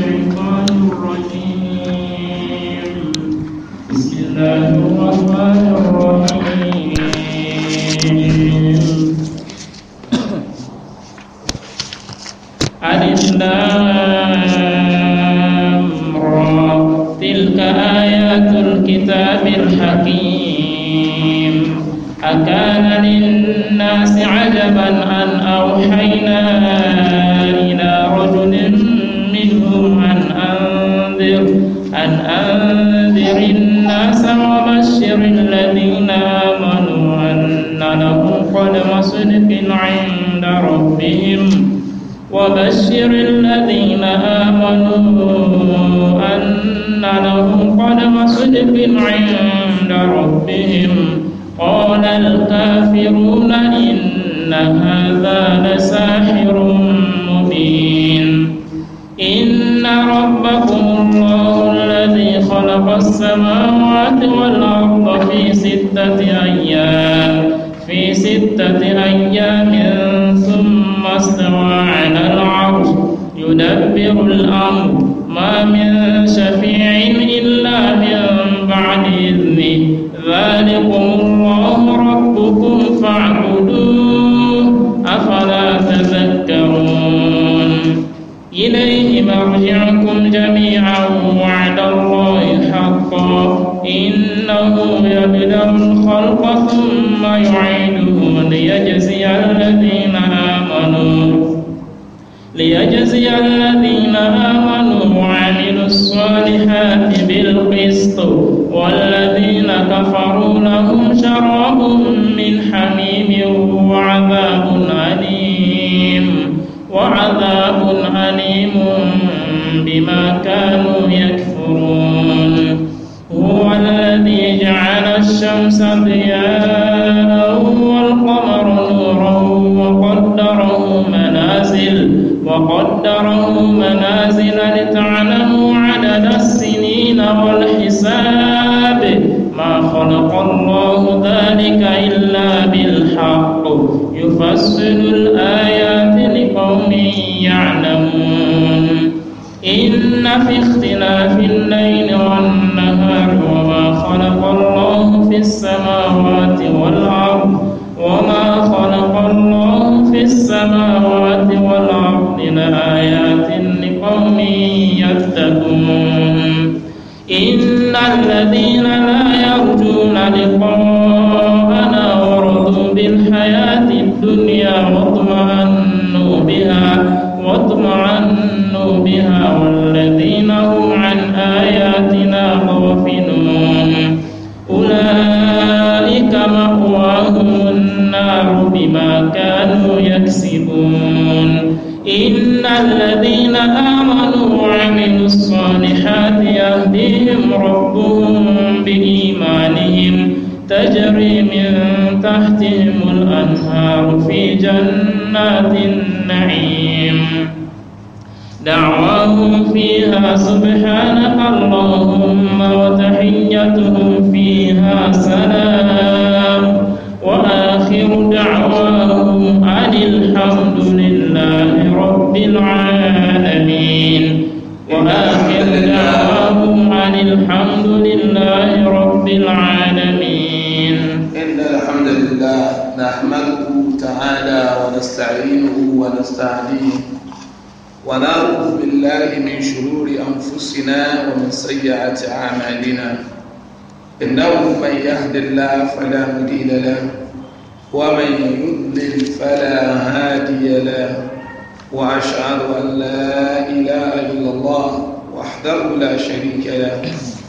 الشيطان الرجيم بسم الله الرحمن الرحيم ألف تلك آيات الكتاب الحكيم أكان للناس عجبا أن أوحينا وبشر الذين آمنوا أن لهم قدم صدق عند ربهم قال الكافرون إن هذا لساحر مبين إن ربكم الله الذي خلق السماوات والأرض في ستة أيام يدبر الأمر ما من شفيع إلا من بعد إذنه ذلكم الله ربكم فاعبدوه أفلا تذكرون إليه مرجعكم جميعا وعد الله حقا إنه يبدأ الخلق ثم يعيده ليجزي الذين الذين آمنوا وعملوا الصالحات بالقسط والذين كفروا لهم شراب من حميم وعذاب أليم وعذاب أليم بما كانوا يكفرون هو الذي جعل الشمس ضياءً وقدره منازل لتعلموا عدد السنين والحساب ما خلق الله ذلك إلا بالحق يفصل الآيات لقوم يعلمون إن في اختلاف الليل والنهار وما خلق الله في السماوات والأرض وما خلق الله في السماوات والأرض الذين لا يرجون لقاءنا ورضوا بالحياة الدنيا واطمأنوا بها واطمأنوا بها والذين هم عن آياتنا غافلون أولئك مأواهم النار بما كانوا يكسبون إن الذين آمنوا وعملوا الصالحات يهديهم ربهم بإيمانهم تجري من تحتهم الأنهار في جنات النعيم دعواهم فيها سبحانك اللهم وتحيتهم فيها سلام وآخر دعواهم أن الحمد لله رب العالمين وآخر دعواهم عن الحمد لله رب العالمين إن الحمد لله نحمده تعالى ونستعينه ونستهديه ونعوذ بالله من شرور أنفسنا ومن سيئات أعمالنا إنه من يهد الله فلا مضل له ومن يضلل فلا هادي له وأشهد أن لا إله إلا الله وحده لا شريك له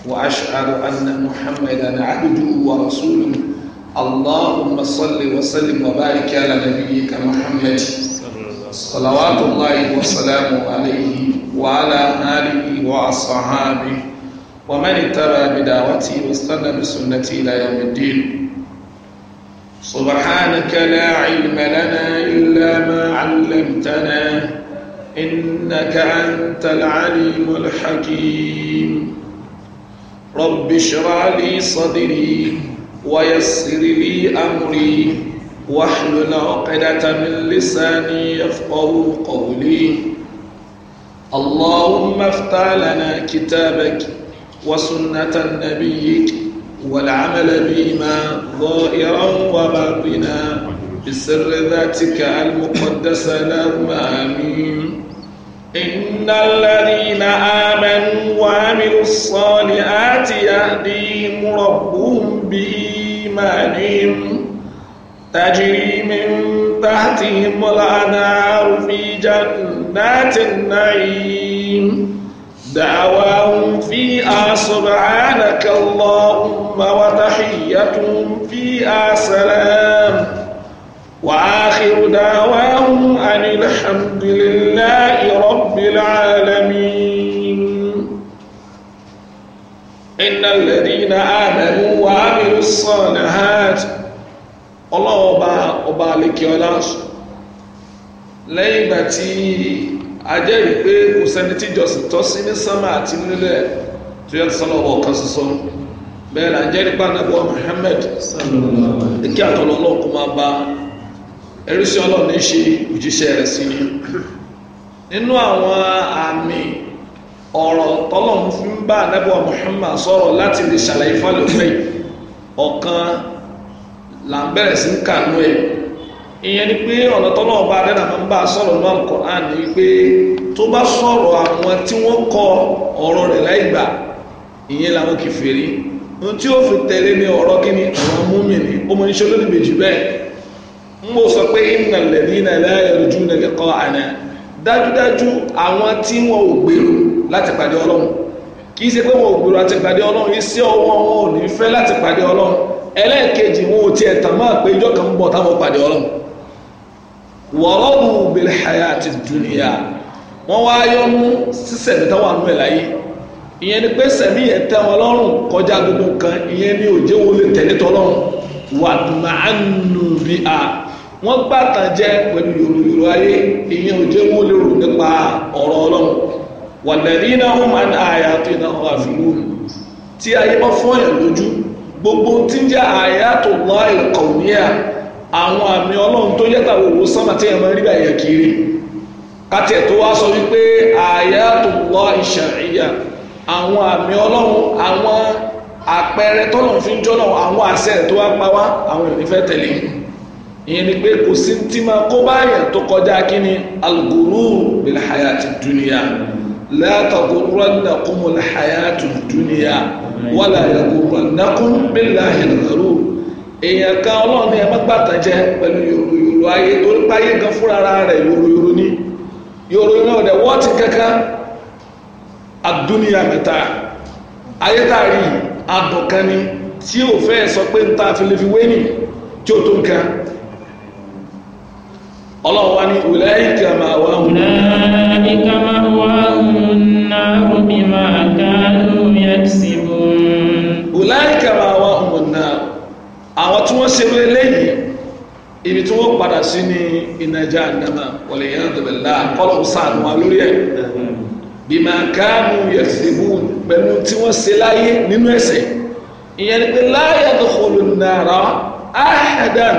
وأشهد أن محمدا عبده ورسوله اللهم صل وسلم وبارك على نبيك محمد صلوات الله وسلامه عليه وعلى آله وأصحابه ومن اتبع بدعوته واستنى بسنته إلى يوم الدين سبحانك لا علم لنا إلا ما علمتنا إنك أنت العليم الحكيم رب اشرع لي صدري ويسر لي أمري واحلل عقدة من لساني يفقه قولي اللهم افتح لنا كتابك وسنة نبيك والعمل بهما ظاهرا وباطنا بسر ذاتك المقدسة اللهم آمين إن الذين آمنوا وعملوا الصالحات يهديهم ربهم بإيمانهم تجري من تحتهم الأنهار في جنات النعيم دعواهم فيها سبحانك اللهم وتحيتهم فيها سلام وآخر دعواهم أن الحمد لله رب العالمين إن الذين آمنوا وعملوا الصالحات الله أبا أبا لك يا لẹ́yìn ìgbà a pé kò sẹ́ni tí sí ní sánmà àti nílẹ̀ tó yẹ sọ́nà ọ̀wọ́ kan ṣoṣo bẹ́ẹ̀ la jẹ́rìí pé anábọ̀ Muhammad kí àtọ̀lọ́ náà kó máa bá ṣe òjíṣẹ́ rẹ̀ sí nínú àwọn àmì ọ̀rọ̀ fi ń bá ìyẹn ni pé ọ̀nà tọ́lọ́ ọba adẹ́nà máa ń bá a sọ̀rọ̀ náà Al-Qur'an ni pé tó bá sọ̀rọ̀ àwọn tí wọ́n kọ ọ̀rọ̀ rẹ̀ láì gbà ìyẹn làwọn kèfèrí ohun tí ó fi tẹ̀lé ni ọ̀rọ̀ kí ni jù bẹ́ẹ̀ ń bò sọ pé dájúdájú àwọn tí wọn ò gbèrò láti pàdé Ọlọ́run kì í ṣe pé wọn ò gbèrò láti pàdé Ọlọ́run iṣẹ́ ọwọ́ wọn ò ní wọ́rọ́bù bil hayati dunya wọ́n wá yọnu sísẹ̀mí táwọn àánú ẹ̀ láyé ìyẹn ni pé sẹ̀mí yẹn tẹ́ wọn lọ́rùn kọjá gbogbo kan ìyẹn ni òjé wo lè tẹ̀lé tọ́lọ́run wà màánù bí a wọ́n gbà tán jẹ́ pẹ̀lú yòròyòrò ayé ìyẹn òjé wo lè rò nípa ọ̀rọ̀ ọlọ́run walladhina hum an ayatina ghafilun tí ayé bá fọ́ọ̀yàn lójú gbogbo tí ń jẹ́ ayatullah al-kawniyah àwọn àmì ọlọ́run tó yẹ́ta wòwò sánmà tí ẹ̀mọ́ rí báyẹ̀ kiri kátẹ̀ tó wá sọ wípé ayatullah shar'iyya àwọn àmì ọlọ́run àwọn àpẹẹrẹ tọ́lọ̀ fi ń jọ́nà àwọn àṣẹ tó wá pa wá àwọn èèyàn nífẹ̀ẹ́ tẹ̀lé ìyẹn ni pé kò sí tí máa kó báyẹn tó kọjá kí ni al-ghurur bil hayati dunya la taghurrannakum al hayati dunya wala yaghurrannakum billahi al-ghurur èèyàn kan ọlọ́run ní ẹ má gbàtàn jẹ pẹ̀lú yòrò yòrò ayé torí páyé gan fúnra rẹ̀ yòrò yòrò ní yòrò yòrò rẹ̀ wọ́ọ̀tì kankan àdúnìyà mẹ́ta ayé tá a rí adùn tí ò fẹ́ sọ pé ń ta fìlẹ́fìwé tí ò tó nǹkan ọlọ́run wá ní ìwìlẹ̀ ìkàmà wà hùn. ìkàmà wà hùn náà bí máa kánú yẹn ti bùn. ìwìlẹ̀ ìkàmà àwọn tí wọ́n ṣerú eléyìí ibi tí wọ́n padà sí ní ìnajà àdámà wọlé yẹn dẹbẹ là kọlọ sànù wa lórí ẹ bìmà káàmù yẹsìmù pẹ̀lú tí wọ́n ṣe láyé nínú ẹ̀ṣẹ̀ ìyẹn ni pé láyé àdókòlù nàrà áhàdàn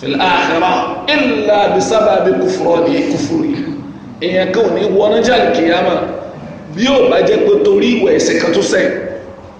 fìlà àkàrà ìlà bisábà bí kúfúrọ ní kúfúrú ìyẹn kò ní wọnájà kìyàmà bí ó bá jẹ́ pé torí ìwẹ̀ ẹ̀ṣẹ̀ kan tó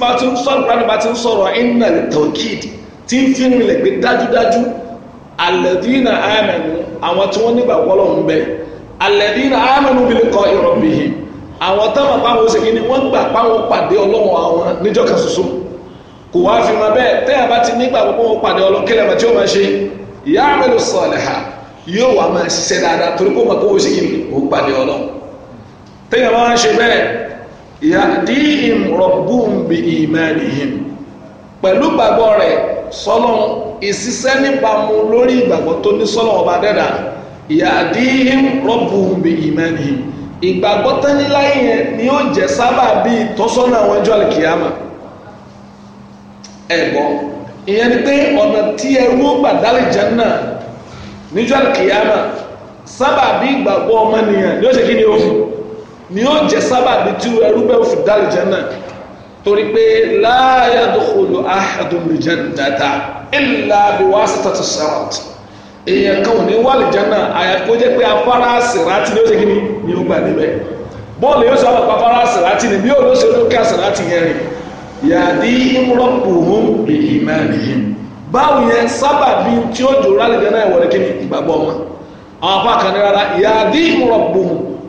bá ti ń sọ̀rọ̀ kúránì bá ti ń sọ̀rọ̀ iná tawkid tí ń fi rinlẹ̀ pé dájúdájú alẹ́dínà amẹ́nu àwọn tí wọ́n nígbà wọ́lọ̀ ń bẹ alẹ́dínà amẹ́nu bí kọ́ ìrọ̀bìhì àwọn táwọn pàwọn ó segin ni wọ́n gbà pàwọn pàdé ọlọ́run àwọn níjọ́ kan ṣoṣo kò wá fi máa bẹ́ẹ̀ tẹ́yà bá ti nígbà pàwọn pàdé ọlọ́run yàdíhìm rọ̀bùm bí ìmánìhìm pẹ̀lú gbàgbọ́ rẹ̀ sọ́lọ́n ìṣiṣẹ́ níbàámu lórí ìgbàgbọ́ tó ní sọ́lọ́n ọba dẹ́dà yàdíhìm rọ̀bùm bí ìmánìhìm ìgbàgbọ́ tẹ́niláyé yẹn ni ó jẹ́ sábà bí ìtọ́sọ́nà àwọn ẹjọ́ àlìkìyàmà ẹ̀gbọ́ ìyẹn ni pé ọ̀nà tí ẹrú gbàdálì jánnà níjọ́ àlìkìyàmà sábà bí ìgbàgbọ́ ni ó ṣe kí ni ni ó jẹ sábàbí tí ẹrú bẹ́ẹ̀ fi dá àlùjánnà torí pé la yadkhulu ahadun al-jannata illa biwasitati sirat èèyàn kan ò ní wà àlùjánnà àyàkó jẹ́ pé afárá sìrátì ni ó ṣe kí ni ó gbà níbẹ̀ bọ́ọ̀lù yóò sọ àpapọ̀ afárá sìrátì ni bí òun ló ṣe lókè sìrátì yẹn rìn yàdí rabbuhum bi imanihim báwo yẹn sábàbí tí ó jòrò àlùjánnà ìwọ̀lẹ́kẹ́ ìgbàgbọ́ wọn àwọn apá kan ní rárá yàdí rabbuhum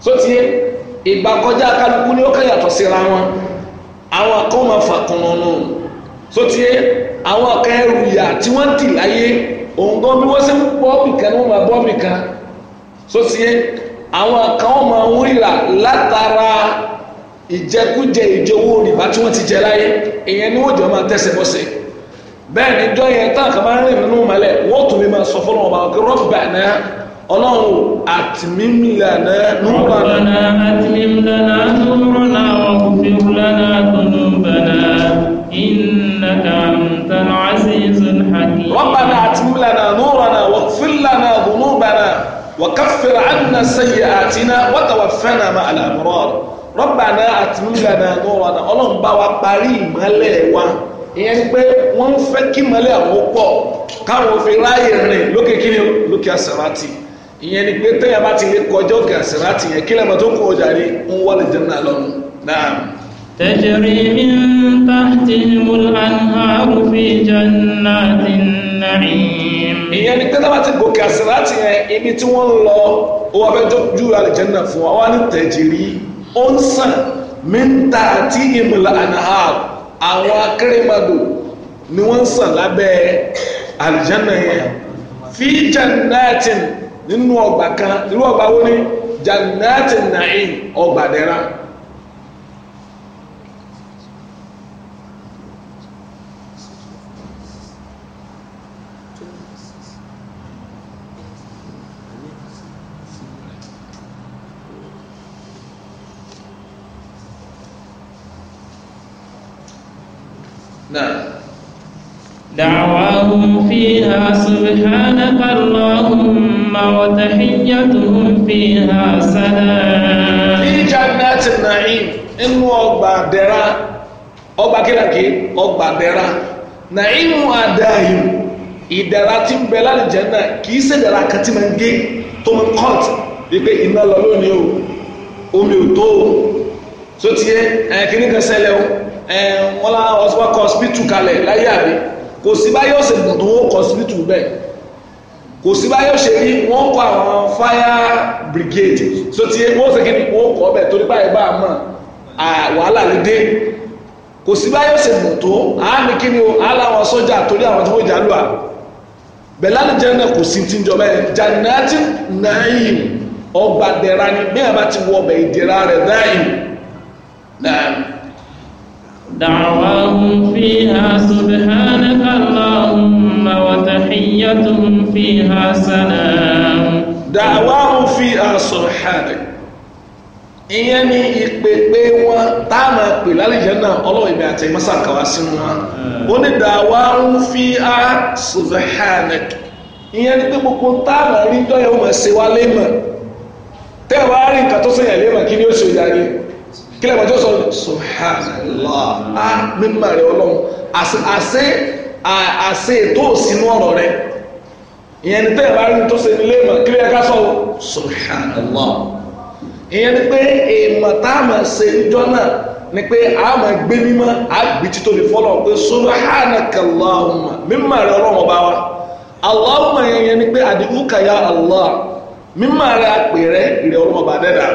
so ti yé ìgbà kọjá kálukú ni ó kàn yàtọ̀ síra wọn àwọn kan máa fà kùnùnù so ti yé àwọn kan ẹrù yà tí wọ́n dì láyé òǹgọ́ bí wọ́n ṣe ń bọ́ bìkan ni wọ́n máa bọ́ bìkan so ti yé àwọn kan máa ń ríra látara ìjẹkújẹ ìjowó rìbá tí wọ́n ti jẹ láyé ìyẹn ni wọ́n jọ máa tẹ̀sẹ̀ bọ́sẹ̀ bẹ́ẹ̀ ni jọ yẹn táǹkà máa rìn nínú mọ́lẹ̀ wọ́n tún lè máa sọ fọ́lọ́wọ́n bá wọn kí rọ́ọ̀bù bá náà ọlọ́run àtìmímìlànà núrànà àtìmímìlànà núrànà ọkùnfìrúlànà tónúbànà ìnàkà àmìtànà àṣìṣùn hàkì rọ́bànà àtìmímìlànà núrànà wọ̀fìlànà tónúbànà wọ̀kàfìrà àdínà sẹ́yẹ àtìná wọ́tàwàfẹ́nà mà àlàmúrọ̀ rọ́bànà àtìmímìlànà núrànà ọlọ́run bá wa parí ìmọ́lẹ̀ wa ìyẹn ni pé wọ́n fẹ́ kí ìmọ́lẹ̀ àwọn pọ̀ káwọn fi ráyè rìn lókè kí ni lókè àsàrátì ìyẹn ni pé tẹ́yà bá ti lè kọjá òkè àṣírá ti yẹn kí lẹ́mọ̀ tó kún ọjà rí ń wọlé jẹ́nà lọ́nu náà. tẹ̀jẹ̀rì min tahtihimul anharu fi jannatin na'im. ìyẹn ni pé tẹ́yà ti gòkè àṣírá ti yẹn ibi tí wọ́n ń lọ ó wà fẹ́ ju àlìjẹ́nà fún wa wá ní tẹ̀jẹ̀rì ó ń sàn min tahtihimul anharu àwọn akérèmọdò ni wọ́n ń sàn lábẹ́ àlìjẹ́nà yẹn fi jannatin na'im nínú ọgbà kan irú ọgbà wo ni jannati na'im ọgbà dẹ́ra دعواهم فيها سبحانك اللهم وتحيتهم فيها سلام في جنات النعيم inú ọgbà dẹ̀ra ọgbà kílàkì ọgbà dẹ̀ra nàìmù àdáyìm ìdẹ̀ra tí ń bẹ láti jẹ́ náà kìí ṣe dẹ̀ra kan tí máa ń gé tó máa ń kọ́t kò sí báyìí ó sì gùn tó wọ́n kọ́ síbítù bẹ́ẹ̀ kò sí báyìí ó ṣe rí wọ́n kọ́ àwọn fire brigade so ti wọ́n ṣe kí ni wọ́n kọ́ bẹ́ẹ̀ torí báyìí bá a mọ̀ wàhálà lè dé kò sí báyìí ó sì gùn tó àmì kí ni o aláwọn sọ́jà torí àwọn tí wọ́n jà lù à bẹ̀lá ní jẹ́ náà kò sí ti ń jọ bẹ́ẹ̀ jannati na'im ọgbà dẹ̀ra ni bí a bá ti wọ ọbẹ̀ ìdẹ̀ra rẹ̀ náà دعواهم فيها سبحانك اللهم وتحيتهم فيها سلام دعواهم فيها سبحانك ìyẹn ni ìpèpè wọn táàmà pè lálejò náà ọlọ́wọ́ ibi àti ìmọ̀sàkàwá sínú wa ó ní dàwa ń fi á subhanak ìyẹn ni pé gbogbo táàmà rí dọ́yẹ̀ ó ṣe wá lé tẹ́ẹ̀ wá rí nǹkan tó sẹ̀yìn lé kí ni ó ṣe ìdarí kílẹ̀ mọ̀ tí ó sọ subhanallah á mímọ̀ rẹ ọlọ́run àṣẹ àṣẹ tó sínú ọ̀rọ̀ rẹ ìyẹn ní tẹ́lẹ̀ bá rí tó ṣe nílé ìmọ̀ kílẹ̀ ká sọ subhanallah ìyẹn ní pé èèmọ̀ tá a máa ṣe níjọ́ náà ni pé a máa gbé mímọ́ a gbé títò lè fọ́lọ̀ pé subhanakallahumma mímọ̀ rẹ ọlọ́run ọba wa allahumma yẹn yẹn pé àdìgúkà ya allah mímọ̀ rẹ àpè rẹ ìrẹ̀ ọlọ́run ọba dẹ́dàá.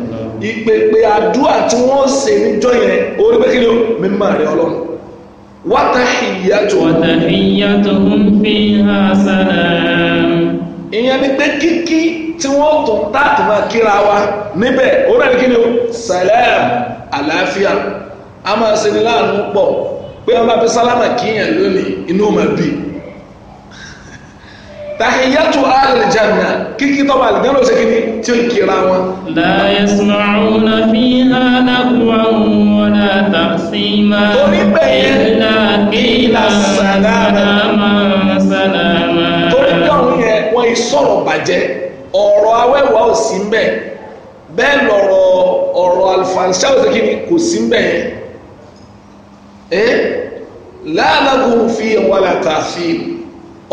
ìpèpè àdúrà tí wọ́n ṣe níjọ́ yẹn orí pé kí ni ó mímọ́ rẹ ọlọ́run wátàhìyàtò wátàhìyàtò ń fi hà sàlám. ìyẹn ni pé kíkí tí wọ́n tún táàtì máa kíra wa níbẹ̀ orí pé kí ni ó sàlám àlàáfíà a máa ṣe ní láàánú pọ̀ pé wọ́n bá fi sálámà kíyàn lónìí inú ọmọ bíi tàhíyàtù àlìjànà kíkí tọ́bà àlìjànà ó ṣe kí ní tí ó kíra wọn. láyẹ̀sùnàrúnà fi hánàkùwà wọn àtàṣímà ìlà kílà sàlámà sàlámà. torí pé àwọn yẹn wọ́n ìsọ̀rọ̀ bàjẹ́ ọ̀rọ̀ awẹ́wà ò sí mbẹ̀ bẹ́ẹ̀ lọ̀rọ̀ ọ̀rọ̀ alfanṣẹ́ ò ṣe kí ní kò sí mbẹ̀ yẹn. Eh? láàlágùn fi wọn àtàṣímà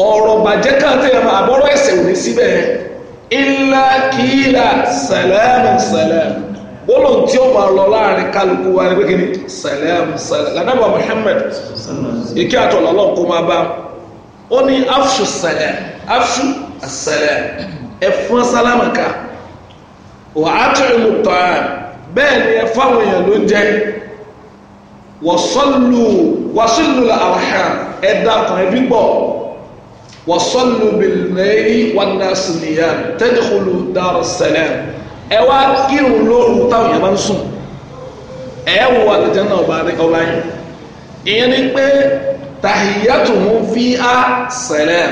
ọ̀rọ̀ bàjẹ́ kan tẹ̀ ẹ̀ máa bọ́rọ̀ ẹ̀sẹ̀ òní síbẹ̀ ilá kìíla sàlámù sàlámù wọ́n tí ó máa lọ láàrin kálukú wa ní pé kíni sàlámù sàlámù lànàbà Muhammad ìkí àtọ̀lọ́ lọ́n kó máa bá ó ní afṣu sàlámù afṣu sàlámù ẹ̀fọn sálámù ká wà á tẹ̀ ẹ̀mú tàn bẹ́ẹ̀ ni ẹ fáwọn èèyàn ló jẹ́ wọ́sọ́lù wàsílù àwòrán ẹ̀dá kan ẹbí gbọ́. وصلوا بالليل والناس نيام تدخلوا دار السلام ẹ wá kírun lóru táwọn yẹn máa ń sùn ẹ wọ àlùjánnà ọba ọba yẹn ìyẹn ni pé tahiyyatuhum fiha salam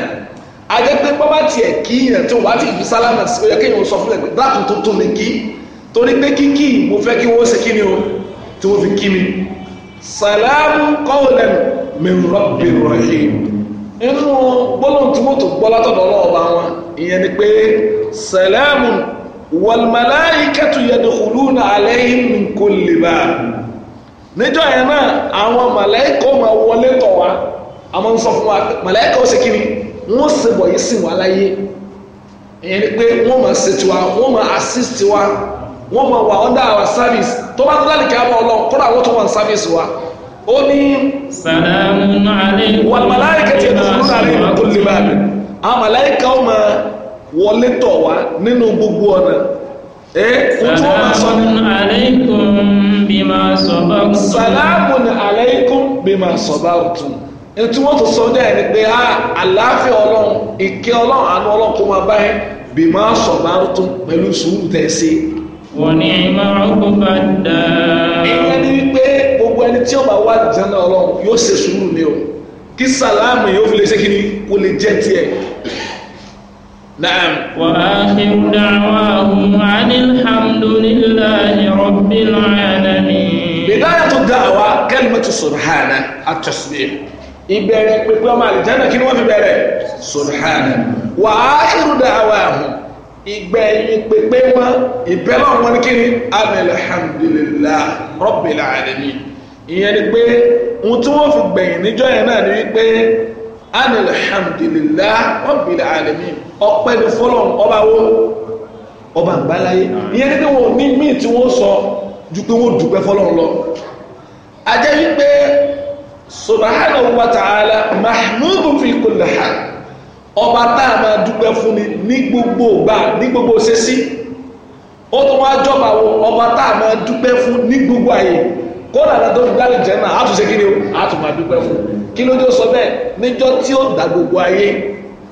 ajẹ́pẹ́ bábá tiẹ̀ kí yẹn tí ti fi sálámà sí ó yẹ kéèyàn sọ fún tó tó lè kí torí pé kíkì mo fẹ́ kí wọ́n ṣe kí ni o tí wọ́n fi kí mi salamun qawlan min rabbir rahim inú gbólóhùn tí wọ́n tó gbọ́ látọ̀dọ̀ ọlọ́ọ̀bá wọn ìyẹn ni pé sẹ̀lẹ́mù wàlmàláìkẹ́tù yadkhuluna alayhim min kulli bab níjọ́ yẹn náà àwọn màláìkọ́ máa wọlé tọ̀ wá àmọ́ ń sọ fún wa màláìkọ́ ó ṣe kí ni wọ́n ṣe bọ̀ yìí sìn wá láyé ìyẹn ni pé wọ́n máa ṣe tiwa wọ́n máa assist wa wọ́n máa wà under our service tó bá tó lálẹ́ kí á bọ̀ ọlọ́ kódà wọ́n tó wà service wa ó ní salamun alaykum wal malaikati yadkhuluna alayhim min kulli bab àwọn màláìkà ó máa wọlé tọ̀ wá nínú gbogbo ọ̀nà ẹ ojú ọmọ sọ ní. salamun alaykum bima sabartum. salamun alaykum tó sọ ní ẹni pé a ah, àlàáfíà ọlọ́run ìkẹ́ ọlọ́run àánú ọlọ́run kó máa báyìí bima sabartum pẹ̀lú sùúrù tẹ̀sí. wọ́n ní ìmọ̀ ọkùnrin bá dáa. ìyẹn ni wípé gbogbo ẹni tí ó bá wá jẹ́nà ọlọ́run yóò ṣe sùúrù ni o kí sàlámù yóò fi lè ṣe kí ni kò lè jẹ́ tiẹ̀. Naam. Wa akhiru da'wahum anil hamdulillahi rabbil alamin. Bidayatu da'wa kalimatu subhana at-tasbih. Ìbẹ̀rẹ̀ pípẹ́ ọmọ àlìjánà kí ni fi bẹ̀rẹ̀? Subhana. Wa akhiru da'wahum ìgbẹ̀yìn pépé wọn ìbẹ́lọ̀ wọn kí ni alhamdulillah rabbil alamin ìyẹn ni pé ohun tí wọ́n fi gbẹ̀yìn níjọ́ yẹn náà ni wípé alhamdulillah rabbil alamin ọpẹ́ ni fọlọ́n ọba wo ọba àgbáláyé ìyẹn ni pé wọn ò ní míì tí wọ́n sọ ju pé wọ́n dùpẹ́ fọlọ́n lọ ajẹ́ wípé subhanahu wa ta'ala mahmudu fi kulli hal ọba táà máa dúpẹ́ fún ni ní gbogbo gbà ní gbogbo ṣẹ́sí ó tún wá jọba wo ọba táà máa dúpẹ́ fún ní gbogbo àyè kódà lọ́dọ̀ gbálẹ̀ jẹ́ náà àtúnṣe kí ni o àtúnmọ̀ àdúpẹ́ fún kí ló dé sọ bẹ́ẹ̀ níjọ́ tí ó dá gbogbo ayé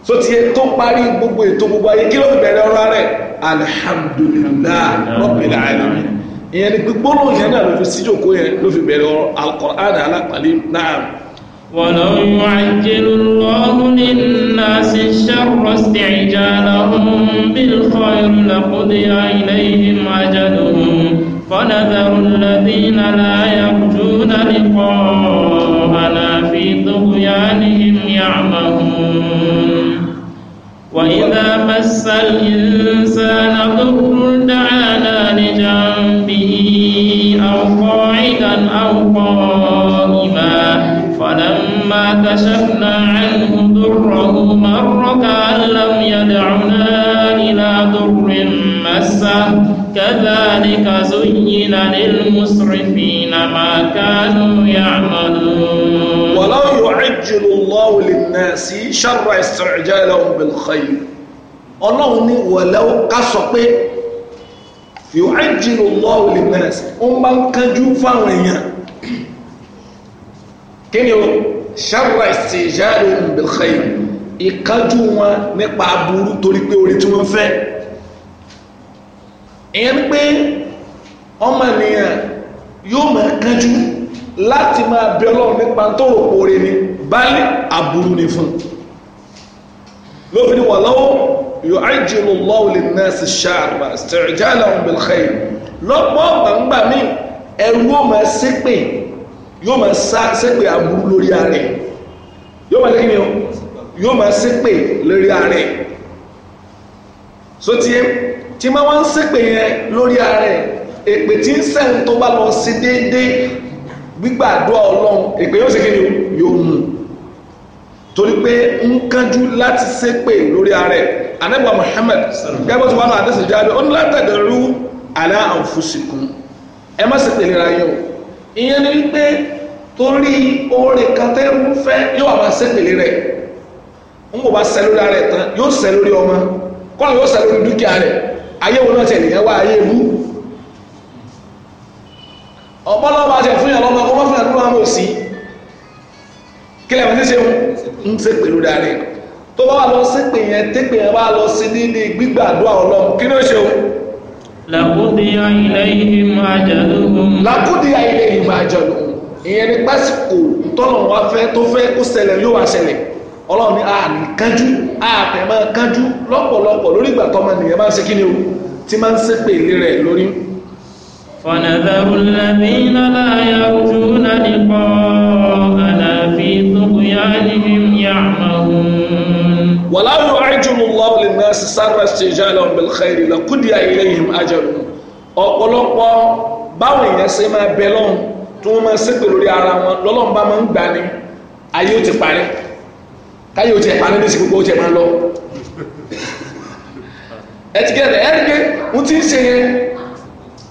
tó ti tó parí gbogbo ètò gbogbo ayé kí ló fi bẹ̀rẹ̀ ọ̀rọ̀ rẹ̀ alhamdulillah rabbil alamin ìyẹn ni gbígbóná yẹn náà ló fi síjòkó yẹn ló fi bẹ̀rẹ̀ ọ̀rọ̀ alquran alápàlẹ́ náà. ولو يعجل الله ونذر الذين لا يرجون لقاءنا في طغيانهم يعمهون وإذا مس الإنسان كذلك زين للمسرفين ما كانوا يعملون ولو يعجل الله للناس شر استعجالهم بالخير ọlọ́run ní wọ̀lẹ́wọ́ ká sọ pé يعجل الله للناس ó máa ń kánjú fáwọn èèyàn kí ni o شر استعجالهم بالخير ìkánjú wọn nípa aburú torí pé orí tí wọ́n fẹ́ ìyẹn pé ọmọ ènìyàn yóò máa kánjú láti máa bẹ ọlọ́run nípa tó rò pòore ni báyìí aburú ni fún un lófin wà lọ́wọ́ yóò ájìlú lọ́wọ́ lè náà sì ṣáàbà ṣẹ̀rẹ̀jálà ọ̀hún bẹ̀lẹ̀kẹ́ lọ́pọ̀ gbàǹgbà mi ẹ̀rú yóò máa ṣépè yóò máa sá ṣépè lórí ààrẹ yóò máa lẹ́yìn o yóò máa ṣépè lórí ààrẹ sótìyẹ tí máa wá ń ṣépè yẹn lórí ààrẹ èpè tí ń sẹ́ni tó bá lọ sí déédéé gbígbàdúrà ọlọ́run èpè yóò ṣe kí ni yóò mú torí pé ń kánjú láti ṣépè lórí ààrẹ anábìwá Muhammad gẹ́gbẹ́ tí wọ́n náà àdéṣe jáde ó ní látẹ̀dẹ̀ rú àlá àǹfùsìkún ẹ má ṣépè lera yín o ìyẹn ni wípé torí oore kan tẹ́ ń fẹ́ yóò wà máa ṣépè lera ẹ̀ ń kò bá ṣẹ lórí ààrẹ tán yóò ṣẹ lórí ọmọ kọ́nà yóò ṣẹ lórí dúkìá rẹ̀ ayé náà ṣẹlẹ̀ yẹn ọ̀pọ̀ lọ́ba jẹ fún ìyàlọ́mọ ọmọ fún ìyàlọ́mọ àmọ́ òsì kílẹ̀ mọ̀ ṣe ń ṣe pẹ̀lú darí tó bá wà lọ sí pè yẹn tépè yẹn bá lọ sí nílé gbígbàdúrà ọlọ́run kí ló ṣe o. làkúndìyà ilé yìí máa jẹ lóhùn. làkúndìyà ilé yìí máa jẹ lóhùn ìyẹn ni pásìkò tọ́nà wa fẹ́ tó fẹ́ kó ṣẹlẹ̀ yóò wá ṣẹlẹ̀ ọlọ́run ni a ní kánjú a tẹ̀ máa kánjú lọ́pọ̀lọpọ̀ lórí ìgbà tọ́mọ nìyẹn máa ń ṣe kí ni o ti máa ń ṣépè lé rẹ̀ lórí ونذر الذين لا يرجون لقاءنا في طغيانهم يعمهون ولو يعجل الله للناس سر استجالهم بالخير لقضي إليهم أجلهم ọ̀pọ̀lọpọ̀ báwọn èèyàn ṣe máa bẹ lọ́hùn tí wọ́n máa ṣépè lórí ara wọn lọ́lọ́run bá máa ń gbà ní ayé ó ti parí káyé ó ti parí ní ìsìnkú ó ti máa lọ ẹ ti gẹ́rẹ̀ ẹ́ rí pé wọ́n ti ń ṣe yẹn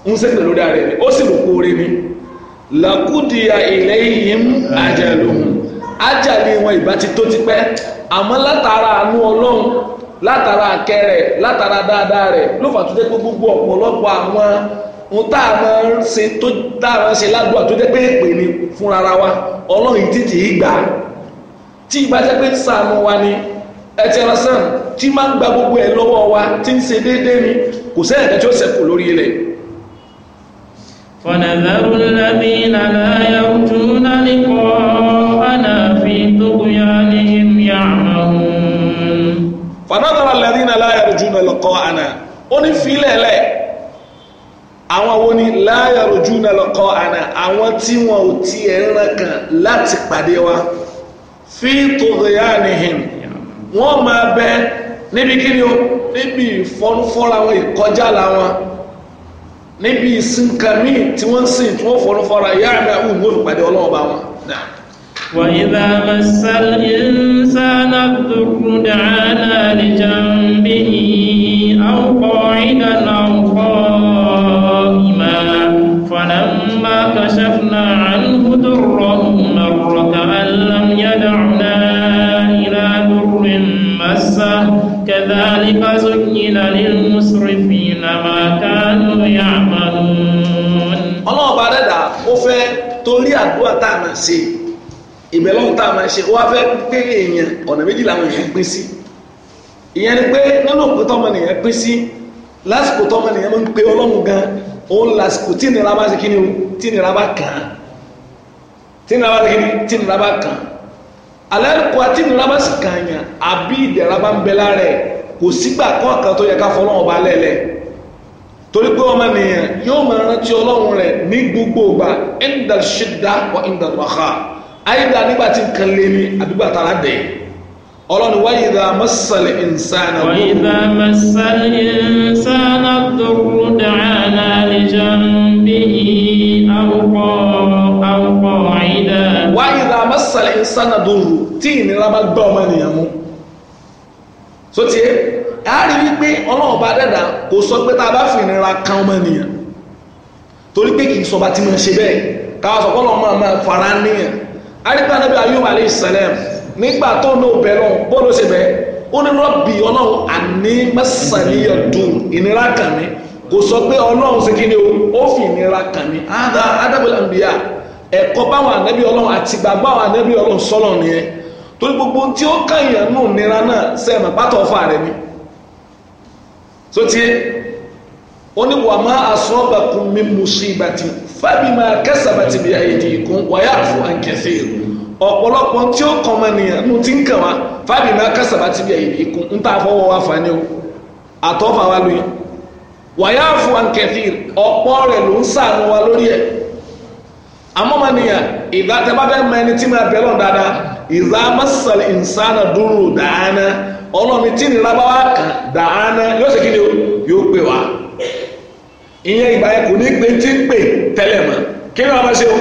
ń sẹ́sìn lórí ara ó sì rò orí ni làkúdìá ilẹ̀ yìí ń àjẹlóhùn ájàlè wọn ìbá ti tó ti pẹ́ àmọ́ látara àánú ọlọ́run látara àkẹrẹ látara dáadáa rẹ̀ ló fà tó jẹ́ pé gbogbo ọ̀pọ̀lọpọ̀ àwọn ohun tá a máa ń ṣe tó tá a máa ń ṣe ládùúgbà tó jẹ́ pé èpè ni fúnra wa ọlọ́run yìí títì í gbà tí ìbá jẹ́ pé sàánú wa ni ẹ ti ẹran sàn tí máa ń gba gbogbo ẹ̀ lọ́wọ́ wa tí ń ṣe déédéé ni kò sẹ́yìn kẹ́tí ó ṣẹ́kù lórí ilẹ̀ ونذر الذين لا يرجون لقاءنا في طغيانهم يعمهون فنذر الذين لا يرجون لقاءنا oni filẹ̀lẹ̀ àwọn wo ni la yarjuna liqa'ana àwọn tí wọn ò tiẹ̀ ń rankan láti pàdé wa fi tughyanihim wọ́n máa bẹ níbi kí ni o níbi ìfọ́nfọ́ra wọn ìkọjá làwọn níbi ìsìnkà míì tí wọ́n ń sìn tí wọ́n fọ́nú fara ìyá àmì àwọn òun òfin pàdé ọlọ́wọ́ bá wọn. وإذا مس الإنسان الضر دعانا لجنبه أو قاعدا أو قائما فلما كشفنا عنه ضره مر كأن لم يدعنا إلى ضر مسه كذلك زين للمؤمنين torí àdúrà tá a máa ṣe ìbẹ̀lọ́hùn tá a máa ṣe wá fẹ́ pé èèyàn ọ̀nà méjì làwọn èèyàn pín sí ìyẹn ni pé nínú òkú tọ́mọ nìyẹn pín sí lásìkò tọ́mọ nìyẹn máa ń pe ọlọ́run gan òun lásìkò tí ìnira bá ṣe kíni o tí ìnira bá kàn án tí ìnira bá ṣe kíni tí ìnira bá kàn án alẹ́ kó a tí ìnira bá sì kàn yàn àbí ìdẹ̀ra bá ń bẹ lára ẹ̀ kò sígbà kọ́ọ̀kan tó yẹ ká fọlọ́run ọba lẹ́lẹ́ẹ̀ torí pé ọmọ nìyẹn yóò máa rántí ọlọ́run rẹ̀ ní gbogbo ìgbà indal shidda wa indal raha àyíká nígbà tí nǹkan lé ní àdúgbò àtàrà dẹ̀ ọlọ́run wa idha massal insana wa idha massal insana durru da'ana li janbihi aw qa'idan. wa idha massal insana durru tí ìnira bá gbọ́ ọmọ nìyẹn mú sótìyẹ a rí wípé ọlọ́run bá dẹ́dà kò sọ pé tá a bá fi ìnira kan ọmọ ènìyàn torí pé kì í sọba tí mo ń ṣe bẹ́ẹ̀ káwọn sọ pọ́lọ́ máa máa fara níyàn arípa níbi ayúbà alẹ́ ìsàlẹ̀m nígbà tó ní òbẹ̀ lọ bọ́ọ̀lù ṣe bẹ́ẹ̀ ó ní rọ́bì ọlọ́run àní mẹ́sàlẹ́yọ̀dùn ìnira kàn mí kò sọ pé ọlọ́run ṣe kí ni o ó fi ìnira kàn mí adábọ̀lá ń bíyà ẹ̀kọ́ báwọn ànábì ọlọ́run àti sotí ó ní wà má asọ́bàkún mi musibati fábìmá kẹsàbàtì bí aydikum wa ya'fu an kathir ọ̀pọ̀lọpọ̀ tí ó kàn mọ́ nìyẹn mo ti ń kàn wá fábìmá kẹsàbàtì bí aydikum ń tà fọwọ́ wa fani o àtọ́fà wa lóyún wa ya'fu an kathir ọ̀pọ̀ rẹ̀ ló ń sàánú wa lórí ẹ̀ amọ́mọ́nìyàn ìdá tẹ́ bá bẹ́ẹ̀ mọ ẹni tí máa bẹ̀ lọ́n dáadáa ìdá mọ́sàlì ìsánà dúró dáná ọlọ́ni tí nira bá wá kàn dáná yóò ṣe kí ni yóò pè wá ìyẹn ìgbà yẹn kò ní pé tí ń pè tẹ́lẹ̀ mọ́ kí ni wọ́n máa ṣe o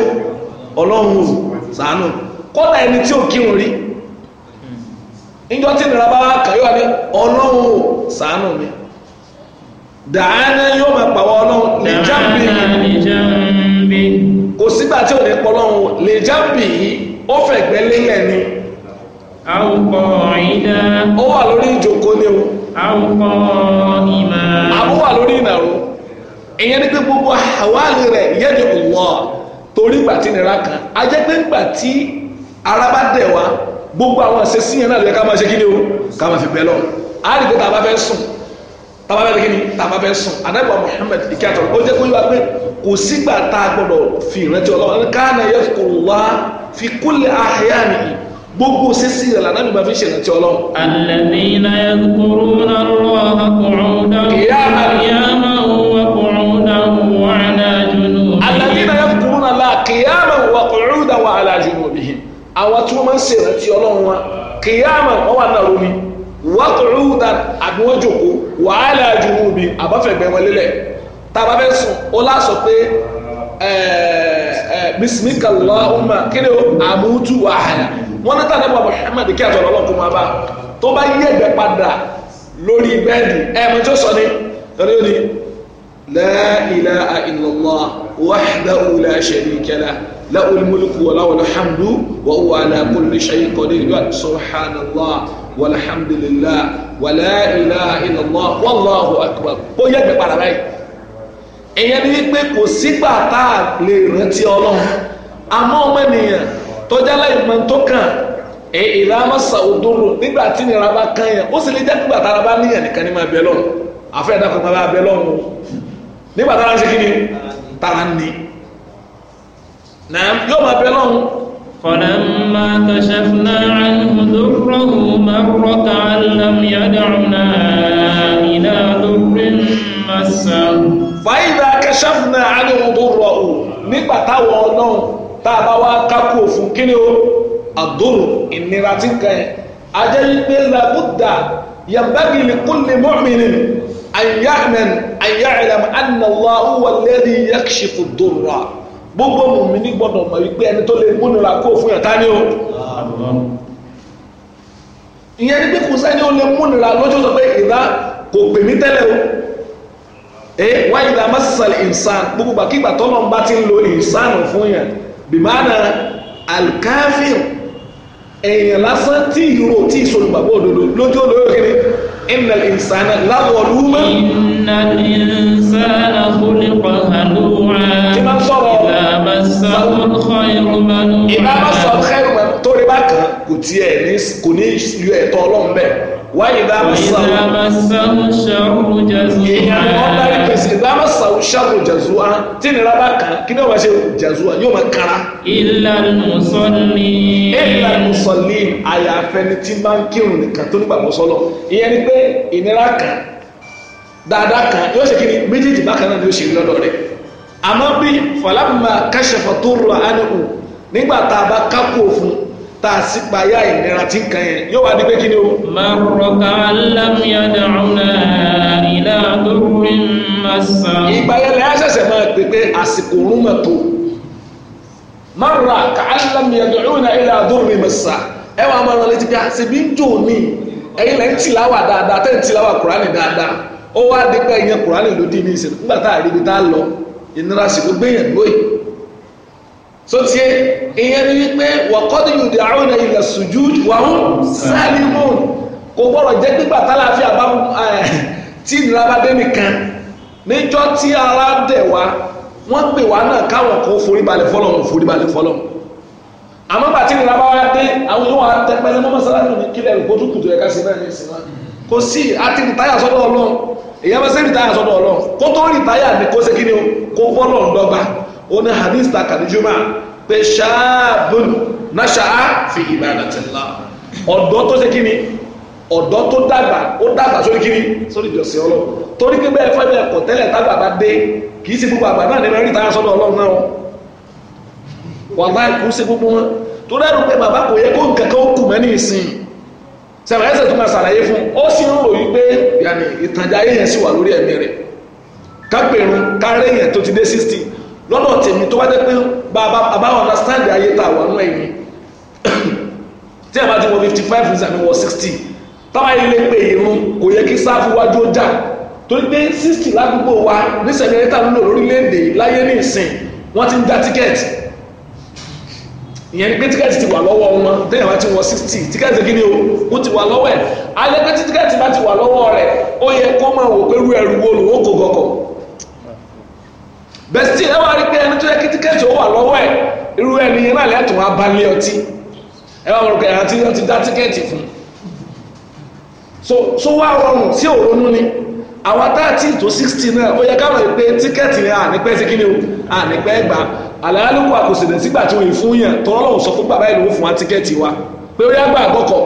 ọlọ́run ò sànù kọ́dà ẹni tí ò kírun rí níjọ́ tí nira bá wá kàn yóò wá ní ọlọ́run ò sànù mi dáná yóò máa pàwọ́ ọlọ́run níjàmbí. dáná kò sígbà tí ò ní pọlọ́hún lè jábì yìí ó fẹ̀gbẹ́ lélẹ̀ ni. àwùkọ ìdá. ó wà lórí ìjòkó ni o. àwùkọ ìmọ̀. àbó wà lórí ìnàró ìyẹn ní pé gbogbo àwárí rẹ̀ yẹn ni òwò torí ìgbà tí nira kan a jẹ́ pé ìgbà tí ara bá dẹ̀ wá gbogbo àwọn àṣẹ síyẹn náà lè ká máa ṣe kí ni o ká máa fi bẹ́ lọ. a rí pé tá a bá fẹ́ sùn tàbá bẹ́ẹ̀ kíni tàbá bẹ́ẹ̀ sùn anábìwá Muhammad ìkẹ́ àtọ̀ ó jẹ́ kó yíwa pé kò sígbà tá a gbọ́dọ̀ fi ìrántí Ọlọ́run káàna yẹ kò wá fi kulli ahyani gbogbo sísí rẹ̀ lànà nígbà fi ṣèrántí Ọlọ́run. alladhina yadhkuruna Allaha qu'udan qiyaman wa qu'udan wa 'ala junubihim. alladhina yadhkuruna Allaha qiyaman wa qu'udan wa 'ala junubihim. àwọn tí wọ́n máa ń ṣèrántí Ọlọ́run wa qiyaman wọ́n wà náà rómi wọ́kùrúdàn àbíwọ́jòkó wàhálà jùmùbí àbáfẹ̀gbẹ̀ wọn lélẹ̀ tàbá fẹ́ sùn ó lásọ pé bismikallahumma kí ni àmútu wàhálà wọn ní tàbí Muhammad kí àtọ̀rọ̀ ọlọ́kùn máa bá tó bá yí ẹ̀gbẹ́ padà lórí bẹ́ẹ̀dì ẹ̀mọ́ tó sọ walhamdulillah wala ilaha illallah wallahu akbar ó yẹ gbẹ padà báyìí ìyẹn ni wípé kò sígbà tá a lè rántí ọlọ́run àmọ́ ọmọ ènìyàn tọ́jà láì mọ tó kàn ẹ̀ ìlàmọ́sà òdòrò nígbà tí nira bá kàn yẹn ó sì lè jẹ́ nígbà tára bá níyàn nìkan ní máa bẹ lọ́run àfẹ́ ẹ̀dá kankan bá bẹ lọ́run nígbà tára ń ṣe kí ni tára ń ni yóò máa bẹ lọ́run فلما كشفنا عنه ذره مر كأن لم يدعنا إلى ذر مسه فإذا كشفنا عنه ذره nígbà táwọn ọlọ́run tá a bá wá kákú òfin kíni o àdúrò ìnira tí ń kan yẹn ajẹ́ wípé làbúdà yàgbági lìkúnlẹ̀ mọ́mìnrin àyàmẹ́n àyàlẹ́m ànàwọ̀ àwọn lẹ́rìí yàkṣìfù dùrọ̀ gbogbo mùmí ní gbọ́dọ̀ mọ̀ wípé ẹni tó lè múnira kó fún yàn tání o ìyẹn ni pé kò sẹ́ni ó lè múnira lójú sọ pé ìdá kò pè mí tẹ́lẹ̀ o ee wá ìdá masal insan gbogbo àkígbà tọ́lọ̀ ń bá ti ń lo insan fún yàn bìmánà alkafir èèyàn lásán tí ìró tí ìsolùgbàgbọ́ òdodo lójú olóyè kiri innal insana láwọ̀ lúmọ́. innal insana khuliqa halu ìbámu sọ xẹ́rù mẹ́nu tó rí bá kàn kò tiẹ̀ ní kò ní yọ ẹ̀tọ́ ọlọ́run bẹ́ẹ̀ wáyé ìbámu sọ ìyàwó ọba rí pèsè ìbámu sọ ṣàrù jàzúwa tí nira bá kàn kí ni wọ́n ṣe jàzúwa yóò máa kára. ìlànà mùsọ̀lì. ìlànà mùsọ̀lì àyàfẹ́ni tí máa ń kírun nìkan tó nígbàgbọ́ sọ́lọ̀ ìyẹn ni pé ìnira kan dáadáa kan yóò ṣe kí ni méjèèjì bákan náà ni yóò ṣe lọ́dọ̀ rẹ̀ àmọ́ bí fọlámà kẹsẹ̀fọ̀ tó rọ ánìkù nígbà tá a bá kákó òfin tá a sì payá ìnira tí ń kan yẹn yóò wá ní pé kí ni o. máa rọ ká lámìyàdà ọ̀nà ìlà tó rí máa sàn. ìgbà máa pè pé àsìkò òun mọ̀ tó máa ọ̀nà ìlà tó rí máa ẹ wàá máa ń jò ní ẹ̀yin lẹ́yìn tìláwà dáadáa tẹ́yìn tìláwà ní ìsìn nígbà ìnira sì ló gbéyàn lóyè tó ti ẹ ìyẹn ni wípé wọ́kọ́dù yóò di àwọn ènìyàn ilẹ̀ sùjú wàhún sálímùn kò gbọ́dọ̀ jẹ́ pípa tálàáfíà bá tí ìnira bá dé nìkan níjọ́ tí ara dẹ̀ wá wọ́n pè wá náà káwọn kò foríbalẹ̀ fọlọ́mù foríbalẹ̀ fọlọ́mù àmọ́ bàtí ìnira bá wá dé àwọn yóò wá tẹpẹlẹ mọ́ mọ́sálásí ní kílẹ̀ ìgbótúkùtù ẹ̀ka sí náà ní ìsìn náà kò sí àti ìtayà sọ́dọ̀ ọlọ́run èyàn bá sẹ́ni táyà sọ́dọ̀ ọlọ́run kó tó rí táyà ní kó sékí ni kó bọ́lọ̀ ń dọ́gba ó ní hadith takadijuma pé ṣáàbùn náṣàá fi ibadatillah ọ̀dọ́ tó sékí ni ọ̀dọ́ tó dàgbà ó dàgbà sórí kí ni sórí ìjọsìn ọlọ́run torí pé bẹ́ẹ̀ fẹ́ bẹ́ẹ̀ kọ̀ tẹ́lẹ̀ tágbà bá dé kì í sí gbogbo àgbà náà ní rí táyà sọ́dọ̀ ọlọ́run náà wàláì kú sí gbogbo wọn torí ẹ̀rù pé bàbá kò yẹ kó nǹkan kan ó kù mẹ́ ìsìn sẹ̀wọ̀n ẹ̀sẹ̀ tó máa ṣàlàyé fún ó sì ń rò wípé yàní ìtànjà èèyàn sì wà lórí ẹ̀mí rẹ̀ kápẹ̀rún kárẹ́ èèyàn tó ti dé sixty lọ́dọ̀ tèmi tó bá jẹ́ pé bàbá understand ayé tá a wà nú ẹ̀yìn tí a bá ti wọ fifty five ní sàmì wọ sixty táwa yìí lè pe irun kò yẹ kí sáfù wájú ó jà torí pé sixty ládùúgbò wa nísẹ̀mí ẹ̀yẹ́ta ló lò lórílẹ̀‐èdè láyé ní ìsìn wọ́n ti ń já tíkẹ́ẹ̀tì ìyẹn ni pé tíkẹ́ẹ̀tì ti wà lọ́wọ́ wọn téèyàn bá ti wọ sixty tíkẹ́ẹ̀tì kí ni o ó ti wà lọ́wọ́ ẹ̀ alẹ́ pé tíkẹ́ẹ̀tì bá ti wà lọ́wọ́ rẹ̀ ó yẹ kó máa wò pé rú ẹrù wo lòun ó kó gọkọ̀ bẹ́sítì ẹ wá rí pé ẹni tó yẹ kí tíkẹ́ẹ̀tì ó wà lọ́wọ́ ẹ̀ irú ẹni yẹn náà lẹ́tọ̀ọ́ abalẹ̀ ọtí ẹ wá rò pé so so wá rọrùn tí ò ni àwọn táàtì tó sixty náà ó yẹ káwọn ìpè tíkẹ́ẹ̀tì yẹn à ní pẹ́ sí kí ni o à ní pẹ́ gbà àlàálùkù àkòsìlẹ̀ sígbà tí wọ́n yìí fún yàn tọ́rọ́ lòun sọ fún bàbá ìlú fún wa tíkẹ́ẹ̀tì wa pé ó yá gbà àgbọ̀kọ̀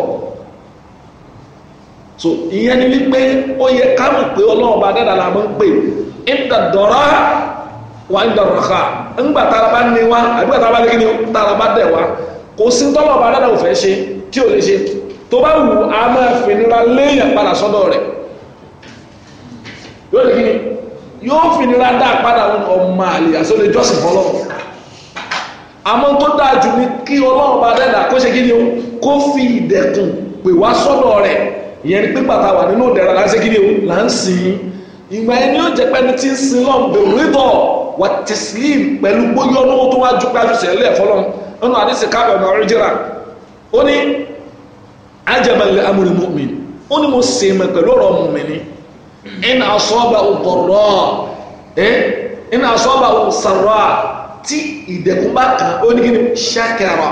so ìyẹn ni wípé ó yẹ ká mọ̀ pé ọlọ́run bá dáadáa la máa ń pè ìdà dọ̀rọ̀ wà ń dọ̀rọ̀ ká ńgbà tára bá ní wa àbí gbà tára bá ní kí ni tára bá dẹ̀ wa kò sí tọ́lọ̀ bá dáadáa ò fẹ́ ṣe tí ò lè ṣe tó bá wù á máa fìnira léèyàn padà sọ́dọ̀ rẹ̀ yóò lè kí ni yóò fìnira dá padà ọmọ àlè àti ó jọ́sìn fọlọ́run àmọ́ tó dáa jù ní kí ọlọ́run bá dẹ́dà kó ṣe kí ni o kó fi ìdẹ̀kùn pè wá sọ́dọ̀ rẹ̀ ìyẹn ni pípa ta wà nínú ìdẹ̀ra là ń ṣe kí ni o là ń sìn ìgbà yẹn ni ó jẹ pẹ́ni tí ń sin lọ́n bẹ̀rù rítọ̀ wà tẹ̀sílìm pẹ̀lú gbóyọ́ lówó tó wá ju pàṣẹ sẹ́lẹ̀ fọlọ́n nínú àdìsí káàbẹ̀ ọmọ ọ̀rẹ́jìrà ó ní ajabale amúri mu'min ó ní tí ìdẹ̀kùn bá kàn ó ní kíni ṣàkàrà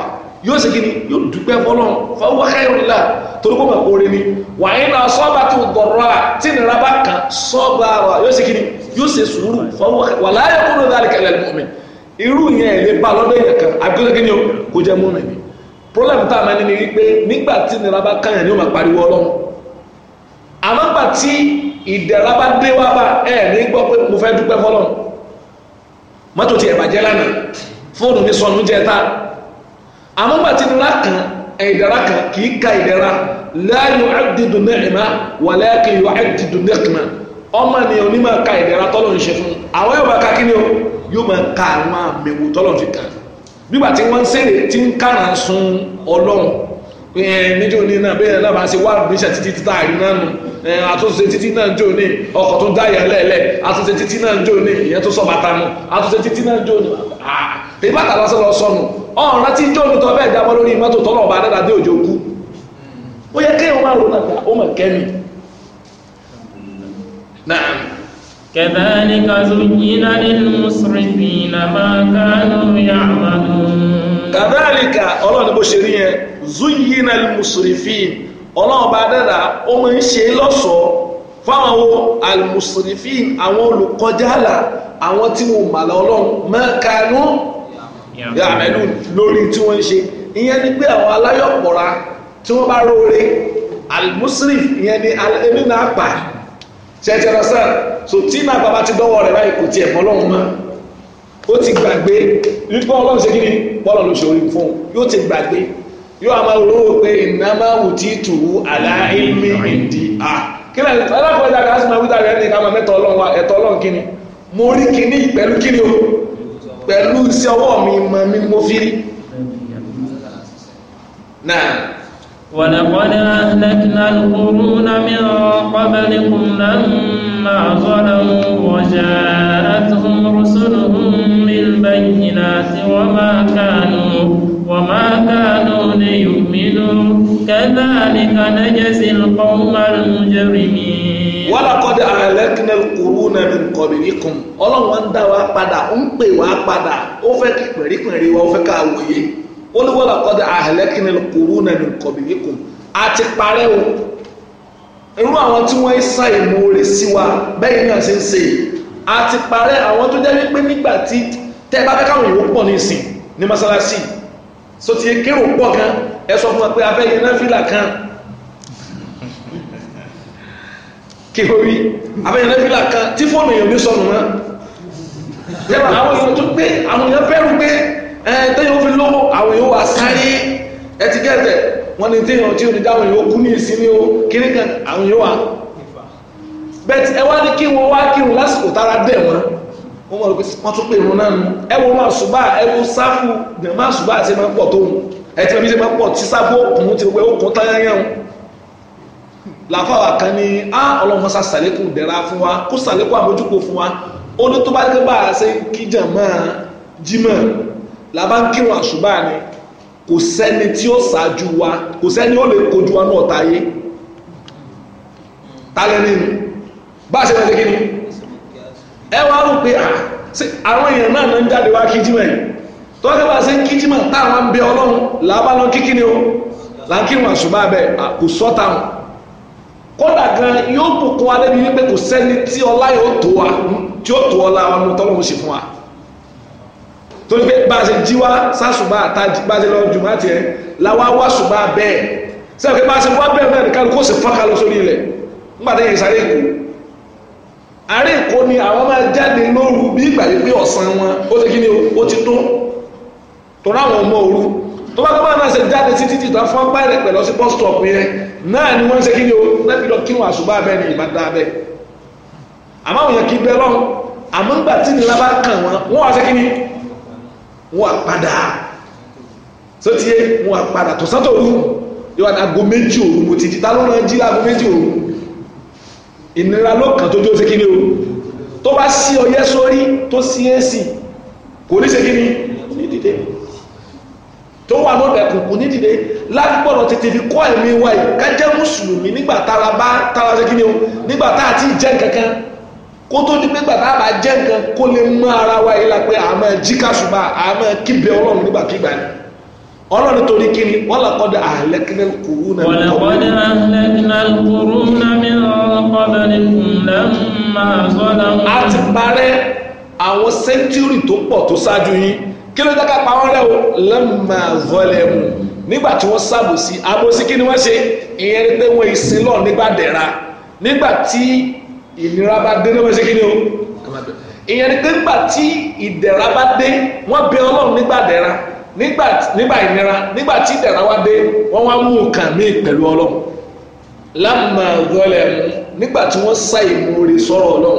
yóò ṣe kíni yóò dúpẹ́ fọlọ́n fọwọ́ kẹrìnlá torí kó mọ̀ orin ni wàyí náà sọ́ba tó dọ̀rọ̀ à tí nira bá kàn sọ́ba wa yóò ṣe kíni yóò ṣe sùúrù fọwọ́ wàlá yẹ kó ló dárí kẹlẹ́ mọ́mi irú yẹn ẹ̀ lè ba lọ́dọ̀ yẹn kan àbíkọ́sẹ́ ni problem tá a máa ní ni wípé nígbà tí nira bá kàn yẹn ni mọ́tò ti ẹ̀bàjẹ́ lánàá fóònù mi sọnù jẹta àmọ́ gbà tí nira kan ìdára kan kì í ka ìdára láàyò àdìdù nìyẹnà wàlẹ́kì yọ àdìdù nìyẹnà ọmọ ni òní máa ka ìdára tọ́lọ̀ ń ṣe fún àwọn yóò máa ka kíni o yóò máa ka àwọn àmì wò tọ́lọ̀ fi kà nígbà tí wọ́n ń sèrè tí ń kàrà sun ọlọ́run ẹ eh, níjó ni náà bẹ́ẹ̀ náà bá ṣe wá àdúgbò títí eh, títí àárín náà nù àtúnṣe títí náà jò ní ọkọ̀ tó dáyà lẹ́lẹ̀ àtúnṣe títí náà jò ní ìyẹn tó sọ nù àtúnṣe títí náà jò ní ìbátà lọ sọnù ọ̀run láti jò ní tọ́ bẹ́ẹ̀ jábọ́ lórí mọ́tò tọ́lọ̀ ọba dé òjò kú ó yẹ kéèyàn máa ó mọ̀ zuyina al-musrifin ọlọ́run bá dẹ́ra ó máa ń ṣe lọ́ṣọ̀ọ́ fáwọn àwọn al-musrifin àwọn olùkọjáàlà àwọn tí wọn màlá ọlọ́run mẹ́kanú yàmẹ́lú lórí tí wọ́n ń ṣe ìyẹn ni pé àwọn aláyọ̀pọ̀ra tí wọ́n bá róore al-musrif ìyẹn ni ẹnìnà àpà ṣẹ̀ṣẹ̀rọ̀ sáà so tí náà bàbá ti dọ́wọ́ rẹ̀ báyìí kò tiẹ̀ mọ́ ọlọ́run mọ́ ó ti gbàgbé nípa ọlọ́run ṣe kí ni bọ́ọ̀lù ṣòro fún yóò ti gbàgbé yóò a máa wúlò pé iná máa wù tí tù ú aláìmí ìdí à kílẹ̀ alákọ̀ọ́jà kan sì máa wí dàrẹ́ ní káma mẹ́tọ̀ ọlọ́run wa ẹ̀tọ́ ọlọ́run kíni mo rí kíní pẹ̀lú kíni o pẹ̀lú iṣẹ́ ọwọ́ mi mọ mi mo fi rí. náà. ولقد أهلكنا القرون من قبلكم لما ظلموا وجاءتهم رسلهم بالبينات وما كانوا وما كانوا ليؤمنوا كذلك نجزي القوم المجرمين ولقد أهلكنا القرون من قبلكم ọlọ́run ń dá wa padà ń pè wá padà ó fẹ́ kí pẹ̀rípẹ̀rí wa ó fẹ́ ká wòye ó ní ولقد أهلكنا القرون من قبلكم àti parẹ́ o irú àwọn tí wọ́n ń sa ìmoore sí wa bẹ́ẹ̀ náà ṣe ń ṣe àti parẹ́ àwọn tó jẹ́ wípé nígbà tí tẹ́ bá fẹ́ káwọn èèyàn pọ̀ ní ìsìn ní mọ́sálásí so ti kérò pọ̀ gan ẹ sọ fún wa pé abẹ́ yẹn náà fìlà kan kí o rí abẹ́ yẹn náà fìlà kan tí fóònù yẹn mi sọnù mọ́ yẹ́nà àwọn èèyàn tó gbé àwọn èèyàn bẹ̀rù pé tẹ́yìn ó fi lówó àwọn èèyàn wà sáré ẹ ti gẹ́tẹ̀ wọ́n ní tẹ́yìn tí ò ní dáwọn èèyàn kú ní ìsinmi o kiri kan àwọn èèyàn wà bẹ́ẹ̀ ẹ wá ní kí wọ́n wá kírun lásìkò tára dẹ̀ wọ́n wọ́n mọ̀ lókè wọ́n tún pè irun náà nù ẹwọ wọn àṣùbà ẹwọ sáfù jẹ̀mọ́ àṣùbà àti máa ń pọ̀ tóun ẹtí wọn bí ṣe máa ń pọ̀ tí sáfù òkun ti gbẹ òkun táyáyán làfàwà kan ní á ọlọ́mọ sá sàlékùn dẹ̀ra fún wa kó sàlékùn àmójúkò fún wa ó ní tó bá dé bá a ṣe kí jẹ̀mọ́ jímọ̀ làbá ń kírun àṣùbà ni kò sẹ́ni tí ó ṣáájú wa kò sẹ́ni ó lè kojú wa náà táyé tálẹ́ nínú bá a ṣe máa ṣe kí ni ẹ wá rò pé ah, àwọn èèyàn náà ló ń jáde wá kíjímẹ̀ tó wá kẹ́wàá sí ń kíjímẹ̀ táwọn ń bẹ ọlọ́run làbá lọ kíkí ni o làákìrún àṣùbà bẹ kò sọ́tà kódà gan yóò bùkún wa lẹ́nu wípé kò sẹ́ni tí ọlá yóò tó wa tí ó tó ọlá ọmọ tọ́lọ́run ṣe fún wa torí pé bá a ṣe jí wá sásùbà àtàjì bá a ṣe lọ jùmọ̀ àti ẹ̀ làwa wá ṣùgbà bẹ́ẹ̀ sẹ́wọ̀n pé bá a ṣe wá bẹ́ẹ̀ náà nìkan kó sì fọ́n ká sórí ilẹ̀ nígbà yẹn sáré kù àárẹ̀ èkó ni àwọn máa jáde lóru bí ìgbà yìí pé ọ̀sán wọn ó ti kí ni ó ti tó tọ́lá àwọn ọmọ òru tó bá gbọ́dọ̀ náà ṣe jáde títí títà fún apá rẹ̀ pẹ̀lú ọsí bus stop yẹn náà ni wọ́n ń ṣe kí ni o lẹ́bi lọ kírun àṣùbà abẹ́ ni ìbá dá abẹ́ àmọ́ àwọn yẹn kì í bẹ́ lọ́hùn àmọ́ ńgbà tí nìlá bá kàn wọ́n wọ́n wá ṣe kí ni wọ́n àpadà tó ti yé wọ́n àpadà tó òru ìnira lọ́kàn tó jó sí kí ni o tó bá sí ọyẹ́ sórí tó sí èsì kò ní sí kí ni ní dìde tó wà lọ́dọ̀ ẹ̀kùn kò ní dìde lágbọ́dọ̀ tètè fi kọ́ ẹ̀mí wa yìí ká jẹ́ mùsùlùmí nígbà tára bá tára sí kí ni o nígbà tá a ti jẹ́ nǹkankan kó tó di pé tá a bá jẹ́ nǹkan kó lè mọ ara wa yìí la pé àmọ́ jíkàsùnmá àmọ́ kíbe ọlọ́run nígbàkigbà ni ọlọ́run torí kí ni wọ́n lọ́kọ́dọ̀ àhàlẹ́kínà kúrú náà mi kọ́ wọ́n lọ́kọ́dọ̀ àhàlẹ́kínà kúrú náà mi lọ́kọ́dọ̀ ní ìlẹ̀ máa sọ́dọ̀ wọn. a ti parẹ́ àwọn sẹ́ńtúrì tó pọ̀ tó ṣáájú yín kí ló dáká pa wọ́n rẹ̀ o lẹ́mà vọ́lẹ̀ mu nígbà tí wọ́n ṣàbòsí àbòsí kí ni wọ́n ṣe ìyẹn ni pé wọ́n ìsìn lọ nígbà dẹ̀ra nígbà tí ìnira bá dé níwọ̀n ṣe kí ni o ìyẹn ni pé nígbà tí ìdẹ̀ra bá dé wọ́n bẹ ọlọ́run nígbà dẹ̀ra nígbà nígbà ìnira nígbà tí ìdẹ̀ra wá dé wọ́n wá mú nǹkan míì pẹ̀lú ọlọ́run lámà rọlẹ̀ nígbà tí wọ́n sá ìmoore sọ̀rọ̀ ọlọ́run.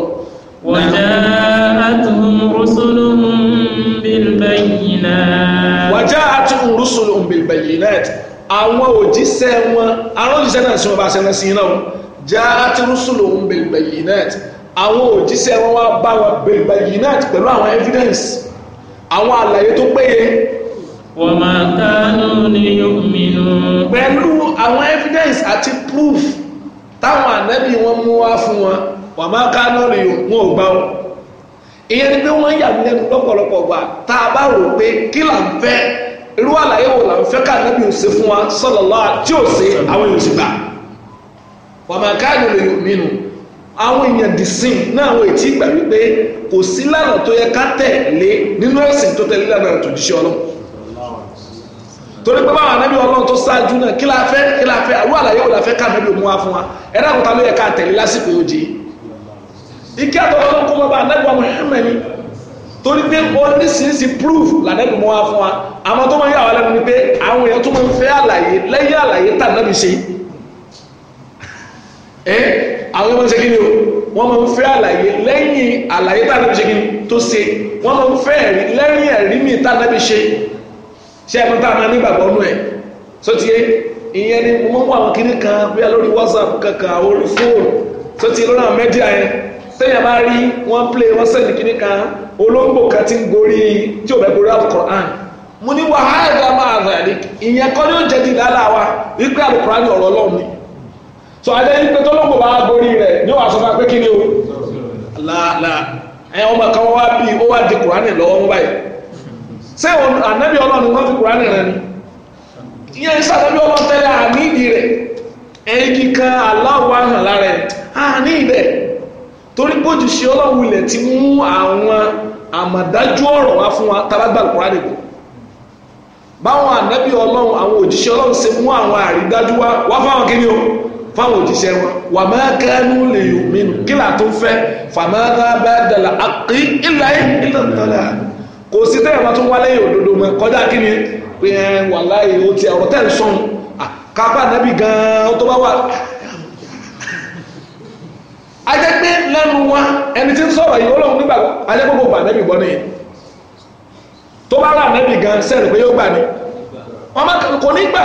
wàjáàtùm rúṣùlùm bilbayinat. wàjáàtùm rúṣùlùm bilbayinat àwọn òjíṣẹ́ wọn aránjíṣẹ́ náà sí wọn bá ṣe sí iná wọn jáàtùm rúṣùlùm bilbayinat àwọn òjíṣẹ́ wọn wá bá wọn bilbayinat pẹ̀lú àwọn evidence àwọn àlàyé tó péye wọ́n máa kánú ní yóòmínú. pẹ̀lú àwọn evidence àti proof táwọn ànábì wọn mú wá fún wọn wọ́n máa kánú ní wọn ò gbà wọn. ìyẹn ni pé wọ́n yà mí lẹ́nu lọ́pọ̀lọpọ̀ gbà tá a bá rò pé kí là ń fẹ́ irú àlàyé wo là ń fẹ́ ká ànábì ò ṣe fún wa sallallahu tí ò ṣe àwọn èèyàn ti gbà. wọ́n máa kánú ní yóòmínú àwọn èèyàn dìsìn náà àwọn ètí gbà wípé kò sí lánàá tó yẹ ká tẹ̀lé nínú ẹ̀sìn tó tẹ̀lé lánàá tó jíṣẹ́ ọlọ́run torí pé báwọn anábì ọlọ́run tó ṣáájú náà kí la fẹ́ kí la fẹ́ àrú àlàyé wò la fẹ́ ká anábì òmùwà fún wa ẹ̀rọ àkùtà ló yẹ ká tẹ̀lé lásìkò yóò jẹ́ ike àtọ́wọ́ ló ń kó bọ́ bá anábì Muhammad torí pé oríṣiríṣi proof lànàbì òmùwà fún wa àmọ́ tó máa ń yà wá lẹ́nu ni pé àwọn èèyàn tó máa ń fẹ́ àlàyé lẹ́yìn àlàyé tà nábì ṣe ẹ́ àwọn èèyàn máa ń ṣe kí ni o wọ́n máa ń fẹ́ àlàyé lẹ́yìn àlàyé tà nábì ṣe kí ni tó ṣe wọ́n máa ń fẹ́ ẹ̀rí lẹ́yìn ẹ̀rí mi tà nábì ṣe ṣé ẹ̀mọ́ tá a máa nígbàgbọ́ nú ẹ̀ ìyẹn ni mo mọ́ àwọn kiri kan bóyá lórí whatsapp kankan orí fóònù sótìyé lórí mẹ́díà yẹn tẹ́yà bá rí wọ́n play wọ́n sẹ́ni kiri kan olóńgbò kan ti ń gorí tí ò bẹ́ gorí mo ní máa ni wa wípé alukoran ni ọ̀rọ̀ ọlọ́run ni adé bá gorí ni ó wà sọ fún o ọmọ kan wá ṣé ànábì ọlọrun wọ́n fi kùránì rẹ ni ìyẹn iṣẹ́ ànábì ọlọ́run tẹ́lẹ̀ àní ìdí rẹ̀ ẹ̀yìn torí ṣe ọlọ́run ilẹ̀ ti mú àwọn àmàdájú ọ̀rọ̀ fún wa báwọn ọlọ́run àwọn ọlọ́run ṣe àwọn àrídájú fáwọn kíni o fáwọn wà máa lè yòmínú kí tó bá dàlà ìlà kò sí tẹ́yà máa tún wálé òdodo mọ́ kọjá kí ni pé ẹ wà láàyè ó ti ọ̀rọ̀ tẹ́ ń sọ̀n kápá nàbí gan-an tó bá wà. ajẹ́ pé lẹ́nu wa ẹni tí ń sọ̀rọ̀ yìí ọlọ́run nígbà ajẹ́ pé gbogbo ànábì gbọ́ nìyẹn tó bá rà ànábì gan sẹ́ẹ̀rì pé yóò gbà ní wọn bá kò ní gbà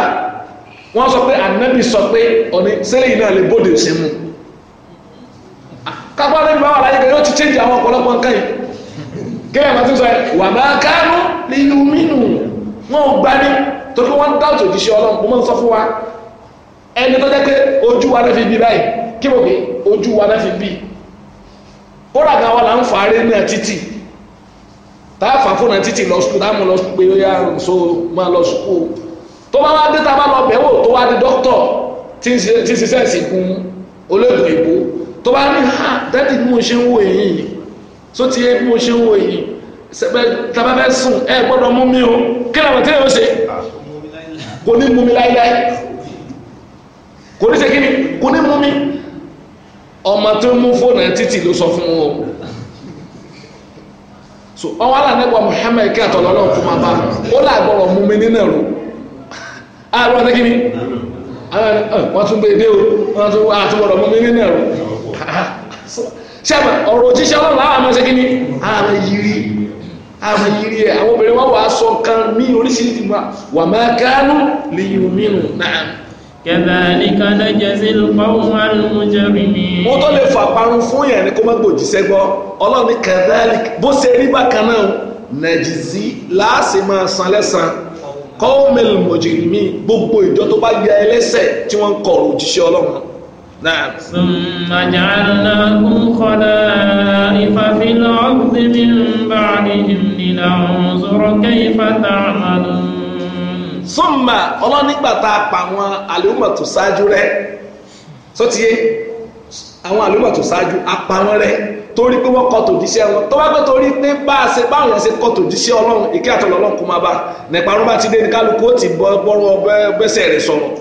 wọn sọ pé ànábì sọ pé ọ̀nì sẹ́lẹ̀ yìí náà lè bóde sí mu kápá nàbí bá wà láyé change àwọn ọ̀pọ̀lọpọ̀ nǹkan yìí gẹ́gẹ́ bá ti sọ wà máa kánú ní yumínú wọn ò gbani torí pé wọ́n dáàtò òjíṣẹ́ ọlọ́run mo máa ń sọ fún wa ẹni tó jẹ́ pé ojú wa náà fi bí báyìí kí mo pé ojú wa náà fi bí kódà gan wa là ń fàárẹ̀ náà títì tá a fà fún náà títì lọ sùkúù dáàmú lọ sùkúù pé ó yá so máa lọ sùkúù tó bá wá dé tá a bá lọ bẹ̀wò tó wá di dókítọ̀ tí ń ṣiṣẹ́ ìsìnkú olóògùn èbó tó bá ní ha dádì bí mo ṣe ń wo èyí so ti yé bí mo ṣe ń wo yìí tàbá fẹ́ sùn ẹ gbọ́dọ̀ mú mi o kí làwọn tí yóò ṣe kò ní mú mi láíláí kò ní ṣe kí ni kò ní mú mi ọmọ tó mú fóònù ẹ títì ló sọ fún wọn o so ọwọ́ alànẹ́gbà Muhammad kí àtọ̀lọ́lọ́ kó máa bá ó làgbọ̀rọ̀ mú mi nínú ẹ̀rọ àrùn ọ̀dẹ́ kí ni ah, wọ́n tún gbé dé o wọ́n tún àtúbọ̀rọ̀ mú mi nínú ẹ̀rọ sẹ́mọ̀ ọ̀rọ̀ òjíṣẹ́ ọlọ́run àwọn ọmọọṣẹ́ kí ni àwọn yìírí àwọn yìírí ẹ̀ àwọn obìnrin wọn wàá sọ kan ní oríṣiríṣi wa wà máa kánú lè yìí mínú náà. kẹ̀dàlíkà lẹ́jẹ̀ sí lùpọ̀hún alùmújẹ́rì mi. mo tó lè fà parun fún yẹn ni kó má gbòjíṣẹ́ gbọ́ ọlọ́run ní kẹ̀dàlíkà bó ṣe rí bákan náà nàìjíríì láàṣì máa san lẹ́sàn kọ́ọ̀mẹ́lì mọ̀jìrì mi gbogbo ìjọ tó bá ya ẹlẹ́sẹ̀ tí wọ́n ń òjíṣẹ́ ọlọ́run نعم ثم جعلناكم خلائف في الأرض من بعدهم لننظر كيف تعملون ثم ọlọ́run nígbà tá a pa àwọn àlùmọ̀ tó ṣáájú rẹ sọ́tìyé àwọn àlùmọ̀ tó ṣáájú a pa wọ́n rẹ torí pé wọ́n kọ́ tòdíṣẹ́ wọn tó bá pé torí pé bá a ṣe báwọn ṣe kọ́ tòdíṣẹ́ ọlọ́run ìkẹ́ àtọ̀lọ́lọ́run bá nípa rúbà tí dé ní kálukú ó ti bọ́ bọ́rọ̀ rẹ̀ sọ̀rọ̀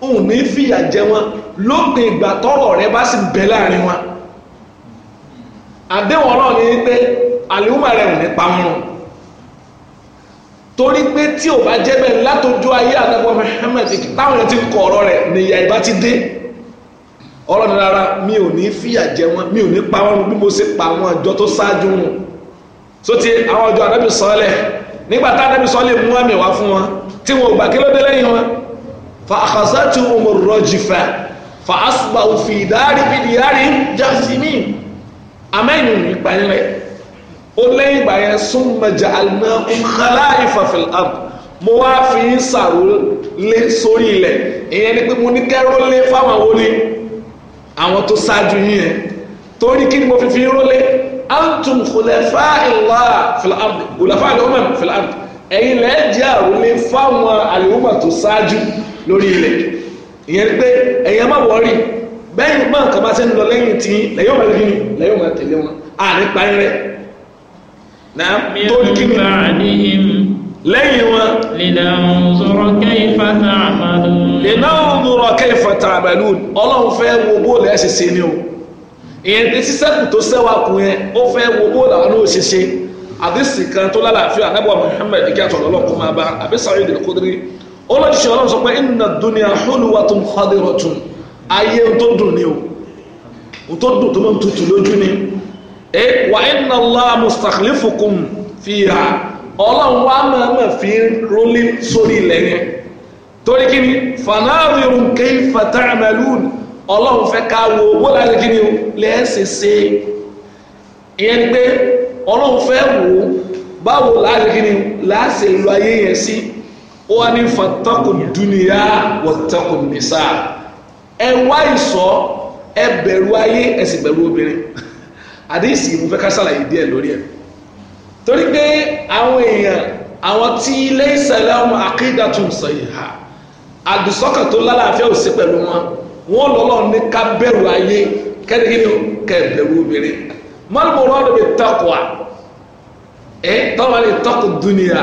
òun ní fìyà jẹ wọn lópin ìgbà tọ́rọ̀ rẹ bá sì bẹ láàrin wọn àdéhùn Ọlọ́run ní pé àlùmọ rẹ ò ní pamọ́rùn torí pé tí ò bá jẹ́ bẹ́ẹ̀ látọjú ayé àdàpọ̀ Muhammad táwọn ti kọ ọ̀rọ̀ rẹ̀ nìyà ìbá ti dé ọlọ́ni rárá mi ò ní fìyà jẹ wọn mi ò ní pa wọn bí mo ṣe pa àwọn àjọ tó ṣáájú wọn so ti àwọn àjọ Ànábì nígbà tá Ànábì mú àmì wá fún wọn tí wọn ò gbà kí ló dé lẹ́yìn wọn فأخذتهم الرجفة فأصبحوا في دار بديارهم جاثمين àmẹ́yìn ní ìgbà yẹn rẹ̀ ó lẹ́yìn ìgbà yẹn summa ja'alnahum khala'ifa fil ard mo wá fi ń sàrólé sórí ilẹ̀ ìyẹn ni pé mo ní kẹ́rólé fáwọn awolé àwọn tó ṣáájú yín yẹn torí kí ni mo fi fi ń rólé antum khulafa'illah fil ard khulafa'il umam fil ard ẹ̀yin lẹ́ẹ̀ jẹ́ àrólé fáwọn àlùmọ̀ tó ṣáájú yìí lórí ilẹ̀ ìyẹn pé ẹ̀yẹ má wọ́ọ̀rì bẹ́ẹ̀ máa kà máa ṣe ń lọ lẹ́yìn tí lẹ́yìn ọmọ lẹ́yìn lẹ́yìn ọmọ tẹ̀lé wọn àní parí rẹ̀ náà tó kí ni lẹ́yìn wọn. lìnàwùzọrọ kẹfà tààmàlú. lìnàwùzọrọ kẹfà tààmàlú ọlọ́run fẹ́ wo bóòlù ẹ̀ ṣe ṣe ni o ìyẹn tí sísẹ́kù tó sẹ́wà kù yẹn ó fẹ́ wo bóòlù àwọn náà ṣe ṣe àdìsí kan tó lálàáfíà anábọ̀ Muhammad kí àtọ̀lọ́lọ́ kó máa bá àbí Sa'id al olóṣìṣẹ́ ọlọ́run sọ pé inna dunya hulwatun khadiratun ayé tó dùn ní o tó dùn tó mọ́ tutù lójú ni ẹ wà inna Allaha mustakhlifukum fiha ọlọ́run wa máa máa fi rólí sórí ilẹ̀ yẹn torí kí ni fanadhirun kayfa ta'malun ọlọ́run fẹ́ ká wo owó láti kí ni lẹ́ẹ̀sì ṣe ìyẹn pé ọlọ́run fẹ́ wò báwo láti kí ni láti ṣe ayé yẹn sí ó wá ní fatakun dúnìyà wọtakun nìsà ẹ wá ìsọ ẹ bẹ̀rù ayé ẹ sì bẹ̀rù obìnrin àdéhìsì mo fẹ́ ká ṣàlàyé díẹ̀ lórí ẹ̀ torí pé àwọn èèyàn àwọn tí ilé ìṣẹ̀lẹ̀ ọmọ aqidatun sayha àdùsọ́kàn tó lálàáfíà ò sí pẹ̀lú wọn wọn lọ́lọ́ ní ká bẹ̀rù ayé kẹ́rìndínlẹ́ kẹ́bẹ̀rù obìnrin mọ́lùmọ́lù ọ̀dọ̀ bẹ taqwa ẹ̀ tọ́wọ́ lè taqu dunya.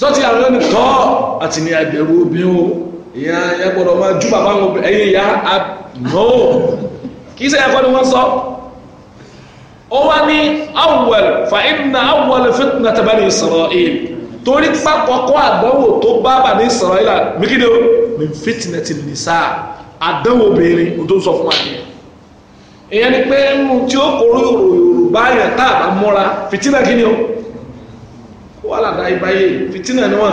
sọ́tí àwọn ẹni tọ́ àti ní ẹgbẹ̀rún obìnrin o ìyá ẹgbọ́dọ̀ máa jú bàbá wọn ẹ̀yìn ìyá no kìí sẹ́yà kọ́ ni wọ́n sọ ó wá ní awwal fa inna awwal fitnat bani Isra'il torí pápọ̀kọ́ àdánwò tó bá bani Isra'il mikide o min fitnati nisa àdánwò obìnrin o tó sọ fún wa nìyẹn ìyẹn ni pé ń tí ó kóró yorùbá yẹn tá a bá múra fìtínà kí ni o wàhálà dáyé báyé fìtínà ni wọn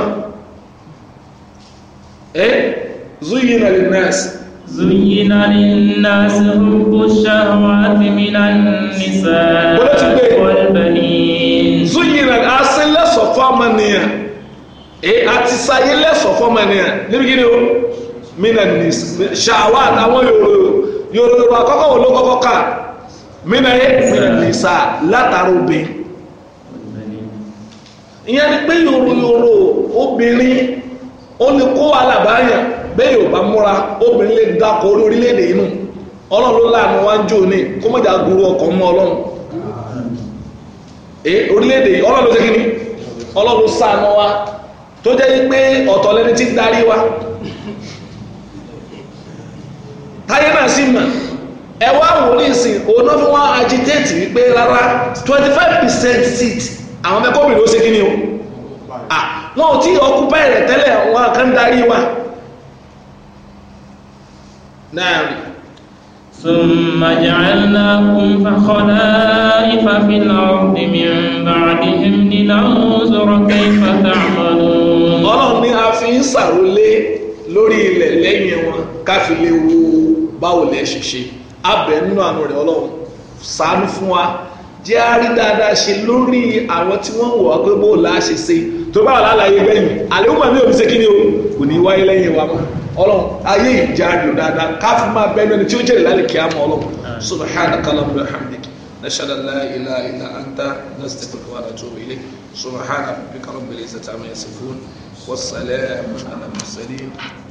ẹ zuyina lè nọọsì. zuyina lè nọọsì rúkú ṣáwá ti mi náà nìṣà kọlbẹni. zuyina lè asẹ lẹsọ fọmọ nìyà ẹ àti sáyé lẹsọ fọmọ nìyà níbi kí ni o mi náà nìṣà ṣáwá àtàwọn yòrò yòrò àkọ́kọ́ wo ló kọ́kọ́ kà mí náà yẹ mi náà nìṣà ìyẹn ni pé yòrò yòrò obìnrin ó lè kó alàbáyà bẹ́ẹ̀ yóò bá múra obìnrin lè dákọ̀ orí orílẹ̀-èdè inú ọlọ́run láàánú wá ń jò ní kó mọ̀jà gúrú ọkọ̀ mọ́ ọlọ́run orílẹ̀-èdè ọlọ́run ló ṣe kíni ọlọ́run wa tó jẹ́ pé ọ̀tọ̀ àwọn mẹ́kọ́bìnrin ó ṣe kí o wọn ò tí ọkùpẹ́ rẹ̀ tẹ́lẹ̀ wọn kan darí wa náà ثم جعلناكم فخلائف في الأرض من بعدهم لننظر كيف تعملون ọlọ́run ni a fi ń ṣàrólé lórí ilẹ̀ lẹ́yìn wọn ká fi lè wo abẹ nínú àánú ọlọ́run ṣàánú fún wa jẹ́ á rí dáadáa ṣe lórí àwọn tí wọ́n ń wọ̀ pé bó la ṣe ṣe tó bá wà lálàyé gbẹ̀yìn àléhùnmọ̀ mi ò ní ṣe kí ni o kò ní wáyé lẹ́yìn wa mọ́ ọlọ́run ayé ìjà rẹ̀ dáadáa káfí máa bẹ́ẹ̀ ní tí ó jẹ́rìí lálẹ́ kíá mọ́ ọlọ́run subhanaka allahumma hamdik nashhadu an la anta nastaghfiruka wa natubu ilayk subhanaka rabbika rabbil izzati amma yasifun wa salamun